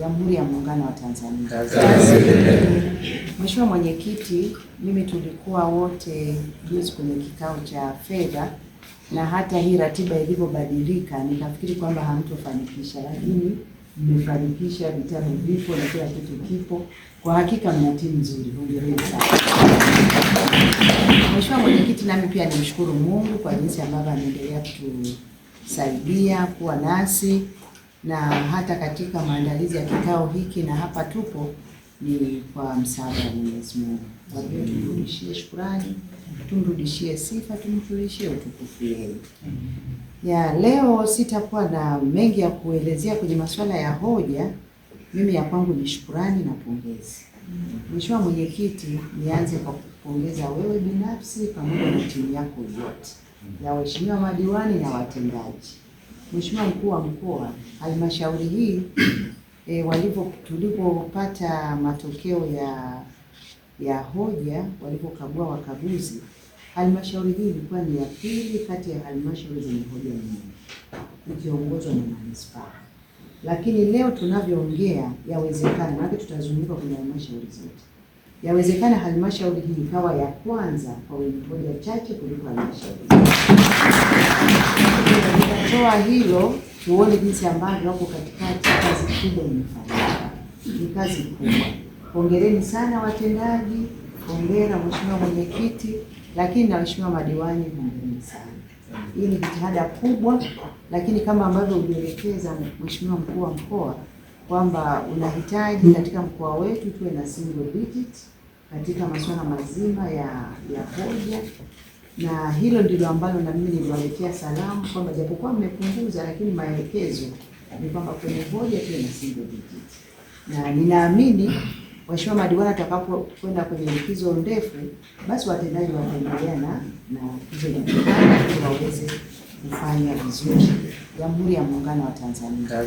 Jamhuri ya Muungano wa Tanzania. Mheshimiwa Mwenyekiti, mimi tulikuwa wote juzi kwenye kikao cha fedha na hata hii ratiba ilivyobadilika nikafikiri kwamba hamtofanikisha, lakini mmefanikisha, vitabu vipo na kila kitu kipo. Kwa hakika mna timu nzuri, hongereni sana. Mheshimiwa Mwenyekiti, nami pia nimshukuru Mungu kwa jinsi ambavyo ameendelea kutusaidia kuwa nasi na hata katika maandalizi ya kikao hiki na hapa tupo ni kwa msaada wa Mwenyezi Mungu. Kwa hiyo tumrudishie shukurani, tumrudishie sifa, tumrudishie utukufu yeye. Ya leo sitakuwa na mengi ya kuelezea kwenye masuala ya hoja. Mimi ya kwangu ni shukurani na pongezi. Mheshimiwa Mwenyekiti, nianze kwa kupongeza wewe binafsi pamoja na timu yako yote ya waheshimiwa madiwani na watendaji Mheshimiwa Mkuu wa Mkoa, halmashauri hii e, eh, walipo tulipopata matokeo ya ya hoja walipokagua wakaguzi, halmashauri hii ilikuwa ni ya pili kati ya halmashauri zenye hoja nyingi ikiongozwa na manispaa, lakini leo tunavyoongea, yawezekana, maana tutazunguka kwenye halmashauri zote, yawezekana halmashauri hii ikawa ya kwanza kwa wenye hoja chache kuliko halmashauri Kuondoa hilo, tuone jinsi ambavyo wako katikati kazi kubwa imefanyika, ni kazi kubwa. Hongereni sana watendaji, hongera mheshimiwa mwenyekiti, lakini na waheshimiwa madiwani, hongereni sana. Hii ni jitihada kubwa, lakini kama ambavyo ulielekeza mheshimiwa mkuu wa mkoa kwamba unahitaji katika mkoa wetu tuwe na single digit katika masuala mazima ya ya hoja na hilo ndilo ambalo na mimi niliwaletea salamu kwamba japokuwa mmepunguza, lakini maelekezo ni kwamba kwenye hoja pia na single digit, na ninaamini waheshimiwa madiwani atakapokwenda kwenye likizo ndefu, basi watendaji wataendelea na na hizo jitihada ili waweze kufanya vizuri Jamhuri ya Muungano wa Tanzania.